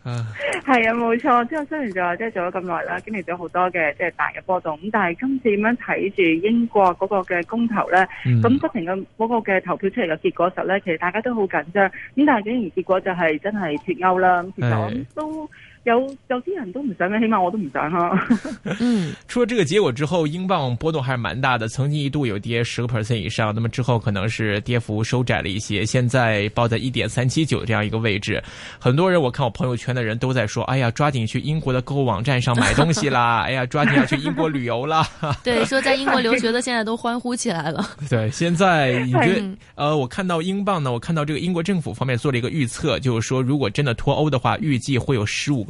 是啊，係啊，冇錯。之後雖然就話即係做咗咁耐啦，經歷咗好多嘅即係大嘅波動，咁但係今次咁樣睇住英國嗰個嘅公投咧？咁、嗯、不停嘅嗰個嘅投票出嚟嘅結果時候咧，其實大家都好緊張。咁但係竟然結果就係真係脫歐啦。咁其實我都。有有啲人都唔想嘅，起碼我都唔想哈。嗯，出了這個結果之後，英鎊波動還是蠻大的，曾經一度有跌十個 percent 以上，那麼之後可能是跌幅收窄了一些，現在報在一點三七九這樣一個位置。很多人，我看我朋友圈的人都在說，哎呀，抓緊去英國的購物網站上買東西啦， 哎呀，抓緊要去英國旅遊啦。 對，說在英國留學的現在都歡呼起來了。對，現在已經， 呃，我看到英鎊呢，我看到這個英國政府方面做了一個預測，就是說如果真的脫歐的話，預計會有十五個。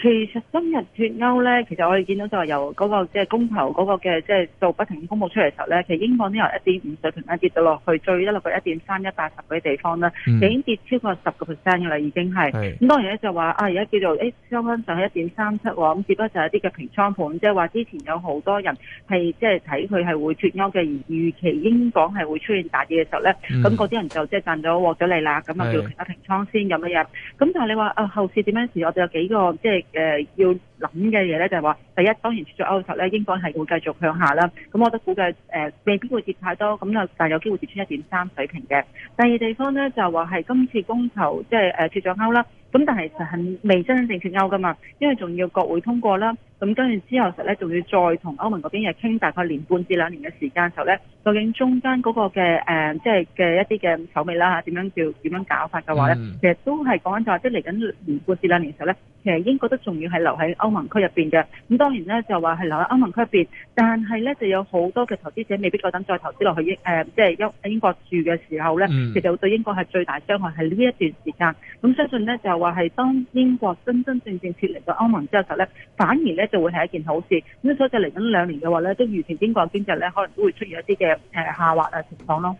其實今日脱歐咧，其實我哋見到就係由嗰個即係公投嗰個嘅即係做不停嘅公佈出嚟嘅時候咧，其實英鎊都由一點五水平咧跌到落去最一落去一點三一八十嗰啲地方啦，已經跌超過十個 percent 嘅啦，已經係咁。嗯、當然咧就話啊，而家叫做誒收翻上去一點三七喎，只不過就係一啲嘅平倉盤，即係話之前有好多人係即係睇佢係會脱歐嘅而預期，英鎊係會出現大跌嘅時候咧，咁嗰啲人就即係賺咗獲咗利啦，咁、嗯、啊叫其他平倉先咁樣入。咁、嗯嗯嗯、但係你話啊，後市點樣事？我哋有幾個即係。就是誒、呃、要諗嘅嘢咧，就係話第一，當然脱咗歐後咧，英鎊係會繼續向下啦。咁我覺得估計、呃、未必會跌太多，咁啊，但係有機會跌穿一點三水平嘅。第二地方咧，就話係今次公投即係誒脱咗歐啦。咁但係實係未真正脱歐噶嘛，因為仲要國會通過啦。咁跟住之後，實咧仲要再同歐盟嗰邊誒傾大概年半至兩年嘅時間嘅時候咧，究竟中間嗰個嘅誒、呃，即係嘅一啲嘅手尾啦嚇，點樣叫點樣搞法嘅話咧、嗯，其實都係講緊就係即係嚟緊年半至兩年嘅時候咧，其實英國都仲要係留喺歐盟區入邊嘅。咁當然咧就話係留喺歐盟區入邊，但係咧就有好多嘅投資者未必夠膽再投資落去英、呃、即係英英國住嘅時候咧、嗯，其實對英國係最大傷害係呢一段時間。咁相信咧就話係當英國真真正正撤離咗歐盟之後時候咧，反而咧。就會係一件好事。咁所以就嚟緊兩年嘅話咧，都預期英國經濟咧可能都會出現一啲嘅誒下滑啊情況咯。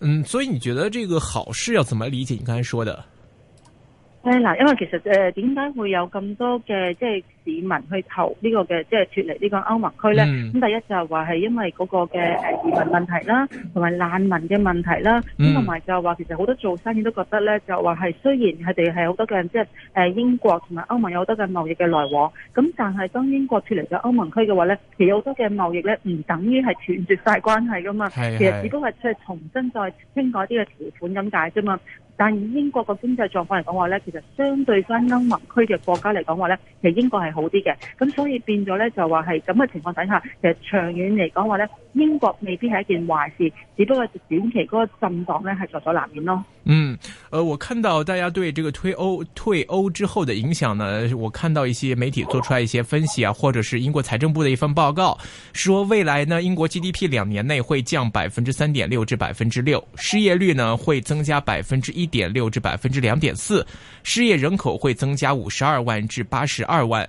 嗯，所以你覺得這個好事要怎麼理解？你剛才說的誒嗱，因為其實誒點解會有咁多嘅即係。市民去投這個即這個歐盟區呢個嘅即係脱離呢個歐盟區咧，咁、嗯、第一就係話係因為嗰個嘅誒移民問題啦，同埋難民嘅問題啦，咁同埋就係話其實好多做生意都覺得咧，就話係雖然佢哋係好多嘅人即係誒英國同埋歐盟有好多嘅貿易嘅來往，咁但係當英國脱離咗歐盟區嘅話咧，其實好多嘅貿易咧唔等於係斷絕晒關係㗎嘛，是是其實只不過係即係重新再傾過啲嘅條款咁解啫嘛。但以英國個經濟狀況嚟講話咧，其實相對返歐盟區嘅國家嚟講話咧，其實英國係。好啲嘅，咁所以變咗呢，就話係咁嘅情況底下，其實長遠嚟講話呢，英國未必係一件壞事，只不過短期嗰個震盪呢係在所難免咯。嗯，誒、呃，我看到大家對這個退歐退歐之後的影響呢，我看到一些媒體做出來一些分析啊，或者是英國財政部的一份報告，說未來呢英國 GDP 兩年內會降百分之三點六至百分之六，失業率呢會增加百分之一點六至百分之兩點四，失業人口會增加五十二萬至八十二萬。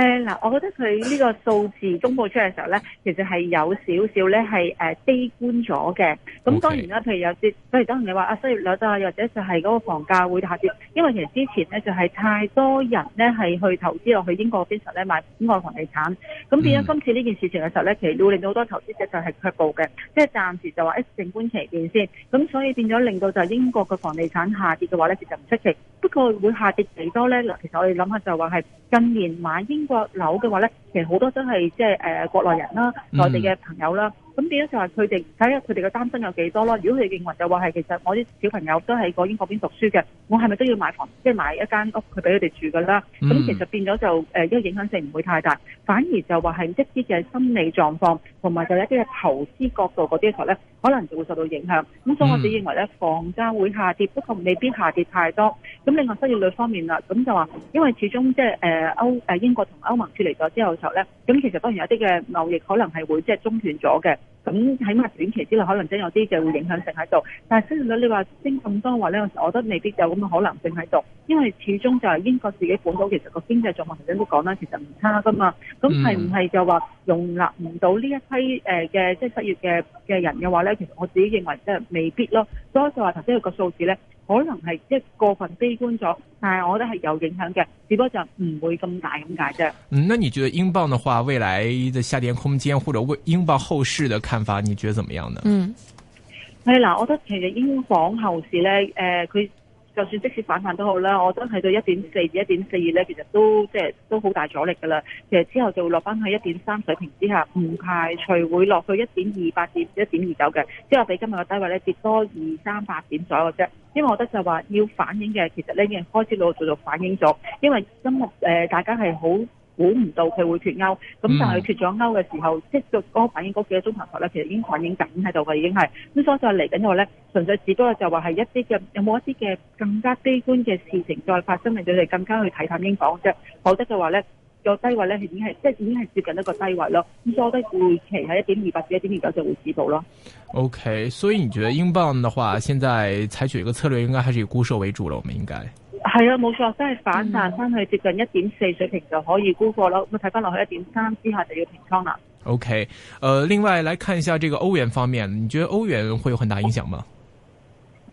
誒、嗯、嗱，我覺得佢呢個數字公布出嚟嘅時候咧，其實係有少少咧係悲觀咗嘅。咁當然啦，譬如有啲，譬如當然你話啊，失業率啊，又或者就係嗰個房價會下跌，因為其實之前咧就係、是、太多人咧係去投資落去英國邊邊實咧買英國房地產，咁變咗今次呢件事情嘅時候咧，其實會令到好多投資者就係卻步嘅，即係暫時就話一靜觀其變先。咁所以變咗令到就係英國嘅房地產下跌嘅話咧，其實唔出奇。不過會下跌幾多咧？嗱，其實我哋諗下就話係近年買英。個樓嘅話咧，其實好多都係即係誒國內人啦，內地嘅朋友啦。咁變咗就係佢哋睇下佢哋嘅擔心有幾多咯。如果你認為就話係其實我啲小朋友都喺英國嗰邊讀書嘅，我係咪都要買房，即係買一間屋佢俾佢哋住噶啦？咁、嗯、其實變咗就誒，呢、呃、個影響性唔會太大，反而就話係一啲嘅心理狀況同埋就一啲嘅投資角度嗰啲嘢咧，可能就會受到影響。咁所以我只認為咧，房價會下跌，不過未必下跌太多。咁另外失業率方面啦，咁就話因為始終即係誒歐誒英國同歐盟脫離咗之後嘅時候咧，咁其實當然有啲嘅貿易可能係會即係中斷咗嘅。咁起碼短期之內可能真有啲就會影響性喺度，但係升到你話升咁多話咧，我覺得未必有咁嘅可能性喺度，因為始終就係英國自己本土其實個經濟狀況頭先都講啦，其實唔差㗎嘛，咁係唔係就話容納唔到呢一批誒嘅即係失業嘅嘅人嘅話咧？其實我自己認為即係未必咯，所以就話頭先個數字咧。可能係即係過份悲觀咗，但係我覺得係有影響嘅，只不過就唔會咁大咁解啫。嗯，那你覺得英鎊嘅話，未來嘅下跌空間或者為英鎊後市嘅看法，你覺得怎麼樣呢？嗯，誒嗱，我覺得其實英鎊後市咧，誒、呃、佢。就算即使反彈都好啦，我都睇到一點四至一點四二咧，其實都即係、就是、都好大阻力噶啦。其實之後就會落翻喺一點三水平之下，唔排除會落去一點二八至一點二九嘅。即係話比今日嘅低位咧跌多二三八點左右啫。因為我覺得就話要反映嘅，其實呢已經開始陸陸續續反映咗，因為今日誒、呃、大家係好。估唔到佢會脫歐，咁但係脫咗歐嘅時候，嗯、即係個嗰反映嗰幾個鐘頭咧，其實已經反映緊喺度嘅，已經係。咁所以就嚟緊嘅話咧，純粹只不過就話係一啲嘅有冇一啲嘅更加悲觀嘅事情再發生，令到你更加去睇淡英鎊啫。否則嘅話咧，這個低位咧已經係即係已經係接近一個低位咯。咁所以我覺得短期喺一點二八至一點二九就會止步咯。OK，所以你覺得英鎊嘅話，現在採取一個策略，應該還是以沽售為主咯。我們應該。係啊，冇錯，即係反彈翻去接近一點四水平就可以沽貨咯。咁啊，睇翻落去一點三之下就要停倉啦。OK，呃，另外來看一下這個歐元方面，你覺得歐元會有很大影響嗎？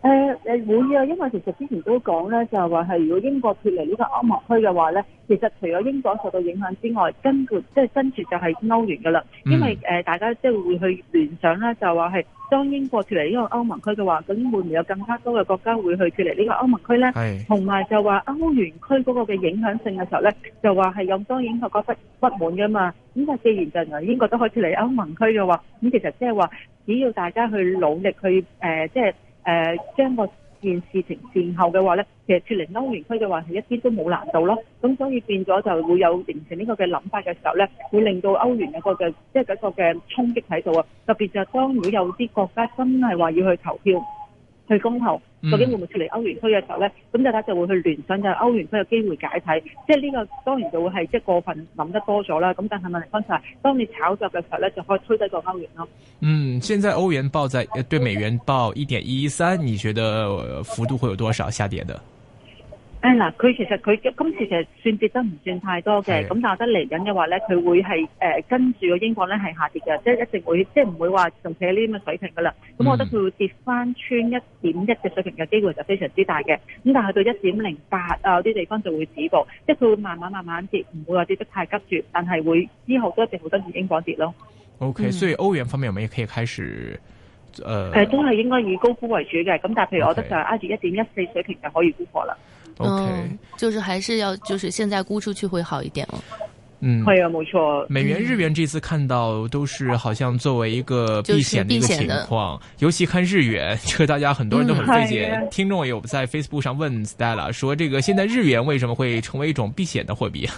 誒、呃、誒，會啊，因為其實之前都講咧，就係話係如果英國脫離呢個歐盟區嘅話咧，其實除咗英國受到影響之外，跟住即係跟住就係、是、歐元噶啦，因為誒、嗯、呃、大家即係會去聯想啦，就話話係當英國脫離呢個歐盟區嘅話，咁會唔會有更加多嘅國家會去脫離呢個歐盟區咧？同埋就話歐元區嗰個嘅影響性嘅時候咧，就話係有多英國覺得不，不滿噶嘛？咁但既然就係英國都可以脫離歐盟區嘅話，咁其實即係話只要大家去努力去誒即係。呃就是誒、啊，將個件事情善後嘅話咧，其實脫離歐元區嘅話係一啲都冇難度咯。咁所以變咗就會有形成呢個嘅諗法嘅時候咧，會令到歐元有個嘅即係個嘅衝擊喺度啊。特別就係當會有啲國家真係話要去投票，去公投。究竟會唔會脫離歐元區嘅時候咧，咁大家就會去聯想就係歐元區有機會解體，即係呢個當然就會係即係過分諗得多咗啦。咁但係問題翻晒，當你炒作嘅時候咧，就可以推得個歐元咯。嗯，現在歐元報在誒對美元報一點一三，你覺得幅度會有多少下跌的？誒，嗱，佢其實佢今次其實算跌得唔算太多嘅，咁但係得嚟緊嘅話咧，佢會係誒、呃、跟住個英鎊咧係下跌嘅，即係一直會，即係唔會話仲企喺呢啲咁嘅水平噶啦。咁、嗯、我覺得佢會跌翻穿一點一嘅水平嘅機會就非常之大嘅。咁但係去到一點零八啊嗰啲地方就會止步，即係佢會慢慢慢慢跌，唔會話跌得太急住，但係會之後都一定跟住英鎊跌咯。OK，、嗯、所以歐元方面，我哋亦可以開始誒，誒、呃，都係應該以高估為主嘅。咁但係譬如我覺得就係挨住一點一四水平就可以估破啦。OK，、嗯、就是還是要，就是現在沽出去會好一點哦。嗯，係啊，冇錯。美、嗯、元、日元這次看到都是好像作為一個避險的一個情況，就是、尤其看日元，這、就、個、是、大家很多人都很費解、嗯。聽眾有在 Facebook 上問 Stella 說這個現在日元為什麼會成為一種避險的貨幣啊？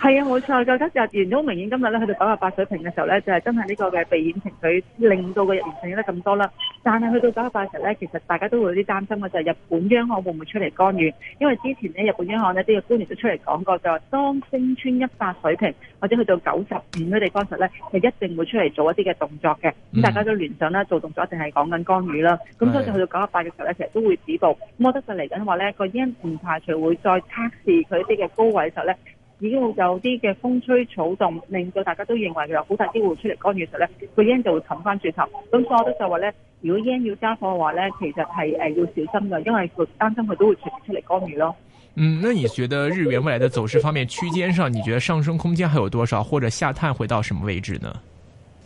係啊，冇錯，更加日元都明顯今日咧，去到九十八水平嘅時候咧，就係、是、真係呢個嘅避險情緒令到嘅日元升得咁多啦。但係去到九十八嘅時候咧，其實大家都會有啲擔心嘅就係、是、日本央行會唔會出嚟干預，因為之前咧日本央行咧啲嘅官員都出嚟講過，就話當升穿一百水平或者去到九十五嘅地方實咧，係一定會出嚟做一啲嘅動作嘅。咁大家都聯想啦，做動作一定係講緊干預啦。咁、mm. 所以去到九十八嘅時候咧，其實都會止步。咁我覺得就嚟緊話咧個央唔排除會再測試佢啲嘅高位實咧。已經會有啲嘅風吹草動，令到大家都認為佢話好大機會出嚟干預嘅時候咧，佢 y e 就會沉翻轉頭。咁所以我都就話咧，如果 y e 要加貨嘅話咧，其實係誒、呃、要小心嘅，因為佢擔心佢都會隨時出嚟干預咯。嗯，那你覺得日元未來嘅走勢方面，區間上，你覺得上升空間還有多少，或者下探會到什麼位置呢？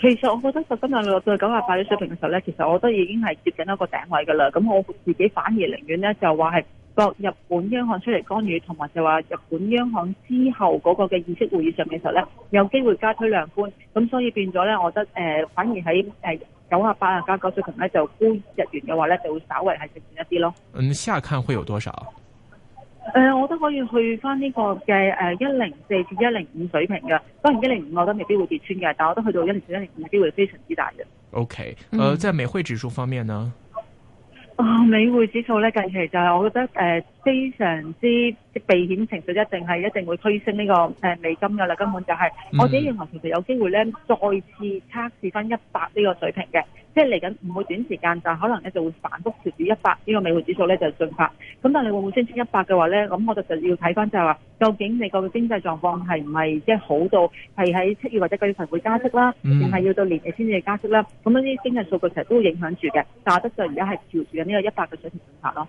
其實我覺得十三點六到九十八嘅水平嘅時候咧，其實我都已經係接近了一個頂位嘅啦。咁我自己反而寧願咧，就話係。個日本央行出嚟干預，同埋就話日本央行之後嗰個嘅議息會議上嘅時候咧，有機會加推量寬咁，所以變咗咧，我覺得誒、呃，反而喺誒九啊八啊加九水平咧就沽日元嘅話咧就會稍微係食錢一啲咯。嗯，下看會有多少？誒、呃，我都可以去翻呢個嘅誒一零四至一零五水平嘅，當然一零五我都未必會跌穿嘅，但係我都去到一零四、一零五嘅機會非常之大嘅。OK，誒、呃，在美匯指數方面呢？嗯啊、哦，美匯指數咧，近期就係我覺得誒。呃非常之避險情緒，一定係一定會推升呢、這個、呃、美金㗎啦。根本就係、是，mm -hmm. 我自己認為其實有機會咧，再次測試翻一百呢個水平嘅。即係嚟緊唔會短時間，但可能咧就會反覆貼住一百呢個美匯指數咧就是、進發。咁但你會唔會升穿一百嘅話咧？咁我就要就要睇翻就係話，究竟你個經濟狀況係唔係即係好到係喺七月或者九月份會加息啦，定、mm、係 -hmm. 要到年尾先至加息啦？咁呢啲經濟數據其實都會影響住嘅。但係得就而家係貼住緊呢個一百嘅水平進發咯。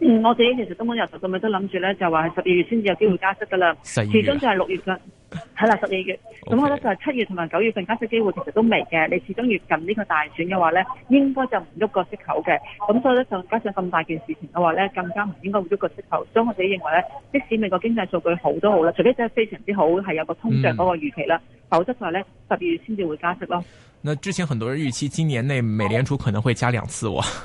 嗯，我自己其實都冇入頭，咁咪都諗住咧，就話係十二月先至有機會加息噶啦。其中月，始終就係六月份，係 啦，十二月。咁我覺得就係七月同埋九月份加息機會其實都未嘅。你始終越近呢個大選嘅話咧，應該就唔喐個息口嘅。咁所以咧，就加上咁大件事情嘅話咧，更加唔應該會喐個息口。所以我哋認為咧，即使美國經濟數據好都好啦，除非真係非常之好，係有個通脹嗰個預期啦、嗯，否則就係咧十二月先至會加息咯。那之前很多人預期今年內美聯儲可能會加兩次，喎。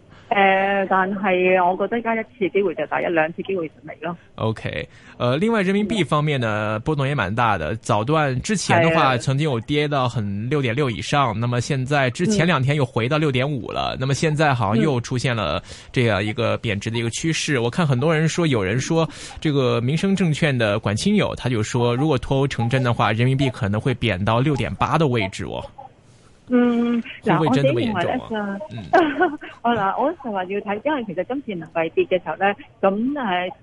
呃，但是我覺得應該一次機會就打一兩次機會就沒了 OK，呃，另外人民幣方面呢，波動也蠻大的。早段之前的話，曾經有跌到很六點六以上，嗯，那麼現在之前兩天又回到六點五了，那麼現在好像又出現了這樣一個貶值的一個趨勢。我看很多人說，有人說這個民生證券的管清友，他就說如果脫歐成真的話，人民幣可能會貶到六點八的位置哦。嗯、嗱、啊，嗯、 我自己認為咧嗱，我就話要睇，因為其實今次人民幣跌嘅時候咧，咁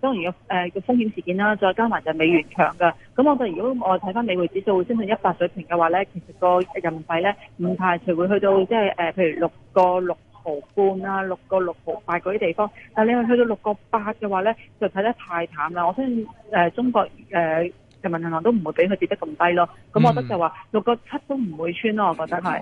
當然有風險事件啦，再加埋就美元強㗎。咁我哋如果我睇翻美匯指數升到一百水平嘅話咧，其實個人民幣咧唔排除會去到即係譬如六個六毫半啦，六個六毫八嗰啲地方，但你話去到六個八嘅話咧，就睇得太淡啦，我相信、呃、中國、呃人民銀行都唔會俾佢跌得咁低咯，咁我覺得就話、嗯、六個七都唔會穿咯，我覺得係。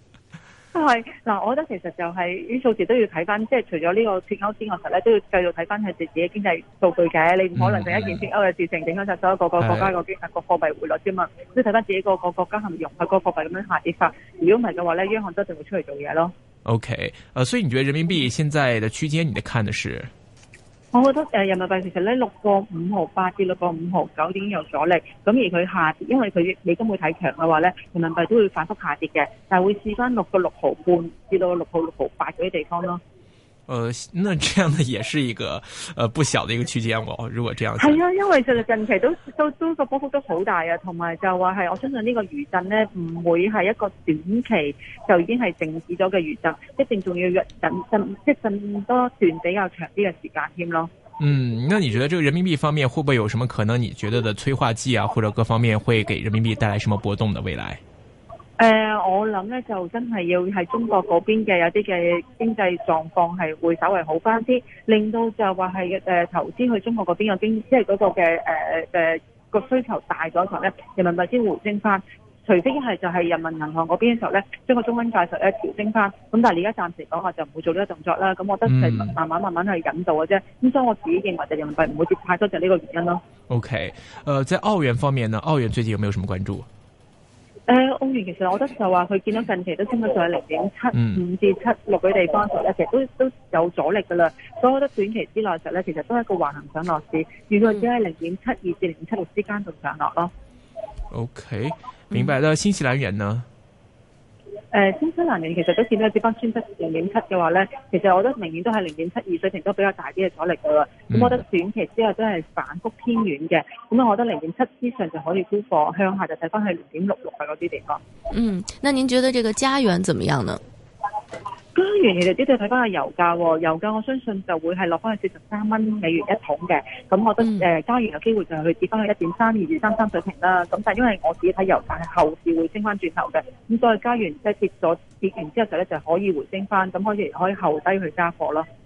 係、嗯、嗱，我覺得其實就係啲數字都要睇翻，即係除咗呢個脫歐之外，其實咧都要繼續睇翻佢哋自己經濟數據嘅。你唔可能第一件脫歐嘅事情影響晒所有各個國家個經個貨幣匯率啫嘛，即係睇翻自己各個國家係咪用佢個貨幣咁樣下跌法。如果唔係嘅話咧，央行都一定會出嚟做嘢咯。OK，誒，所以你覺得人民幣現在的區間，你哋看的是？我覺得誒人民幣其實咧六個五毫八至六個五毫九已經有阻力，咁而佢下跌，因為佢美金會睇強嘅話咧，人民幣都會反覆下跌嘅，但係會試翻六個六毫半至到六個六毫八嗰啲地方咯。呃，那這樣的也是一個呃不小的一個區間哦。如果這樣，係啊，因為就係近期都都都、這個波幅都好大啊，同埋就話係我相信呢個餘震呢，唔會係一個短期就已經係靜止咗嘅餘震，一定仲要約等，震即係更多段比較長啲嘅時間添咯。嗯，那你覺得這個人民幣方面會不會有什麼可能？你覺得的催化劑啊，或者各方面會給人民幣帶來什麼波動的未來？誒、呃，我諗咧就真係要係中國嗰邊嘅有啲嘅經濟狀況係會稍微好翻啲，令到就話係誒投資去中國嗰邊嘅經，即係嗰，那個嘅誒誒個需求大咗，時候咧人民幣先回升翻。除非一係就係人民銀行嗰邊嘅時候咧，將個中間價咧調升翻。咁但係而家暫時講下，就唔會做呢個動作啦。咁我覺得係慢慢慢慢去引導嘅啫。咁，嗯、所以我自己認為就人民幣唔會跌太多，就呢個原因咯。OK，誒、呃，在澳元方面呢？澳元最近有冇有什麼關注？誒、呃，澳元其實我覺得就話佢見到近期都升咗上去零點七五至七六嘅地方其實，十一嘅都都有阻力噶啦。所以我覺得短期之內其實咧，其實都係一個橫行上落市，原來只係零點七二至零點七六之間做上落咯。OK，明白啦，新西蘭元呢？嗯誒，川西蘭嶺其實都見到啲翻，穿得零點七嘅話咧，其實我覺得明顯都係零點七二水平都比較大啲嘅阻力㗎啦。咁我覺得短期之後都係反覆偏軟嘅。咁我覺得零點七之上就可以沽貨向下，就睇返去零點六六啊嗰啲地方。嗯，那您覺得這個加元怎麼樣呢？當然，你哋都要睇翻下油價，油價我相信就會係落翻去四十三蚊美元一桶嘅，咁我覺得誒加完有機會就係去跌翻去一點三二二三三水平啦。咁但係因為我自己睇油價，係後市會升翻轉頭嘅，咁所以加完即係跌咗跌完之後咧就，就可以回升翻，咁可以可以後低去加貨咯。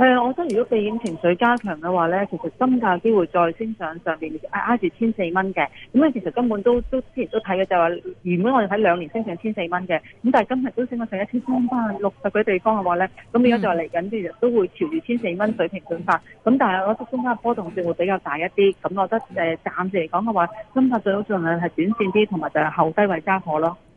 係、呃、啊，我覺得如果避險情緒加強嘅話咧，其實金價機會再升上上邊，挨挨住千四蚊嘅。咁啊、嗯，其實根本都都之前都睇嘅就係話，原本我哋喺兩年升上千四蚊嘅，咁、嗯、但係今日都升咗成一千三百六十個地方嘅話咧，咁而家就嚟緊啲日都會朝住千四蚊水平進發。咁、嗯、但係我覺得中間嘅波動性會比較大一啲。咁、嗯、我覺得誒、呃、暫時嚟講嘅話，金價最好盡量係短線啲，同埋就係後低位加貨咯。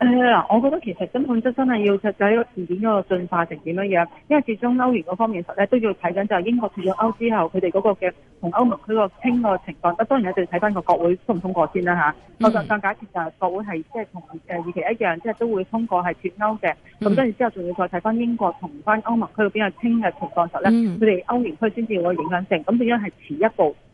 嗱， 我覺得其實根本質真係要睇睇個事件嗰個進化成點樣樣，因為始終歐元嗰方面實咧都要睇緊就係英國脫咗歐之後，佢哋嗰個嘅同歐盟區個傾個情況。啊，當然一定要睇翻個國會通唔通過先啦嚇。我就更假設就係國會係即係同誒預期一樣，即係都會通過係脫歐嘅。咁跟住之後仲要再睇翻英國同翻歐盟區嗰邊嘅傾嘅情況時候咧，佢哋歐元區先至會有影響性。咁變相係遲一步。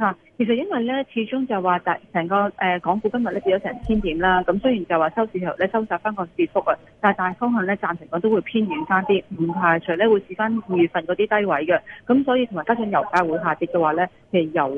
啊、其實因為咧，始終就話大成個、呃、港股今日咧跌咗成千點啦。咁雖然就話收市後咧收窄翻個跌幅啊，但係大方向咧暫時講都會偏軟翻啲，唔排除咧會試翻二月份嗰啲低位嘅。咁所以同埋加上油價會下跌嘅話咧，其實油。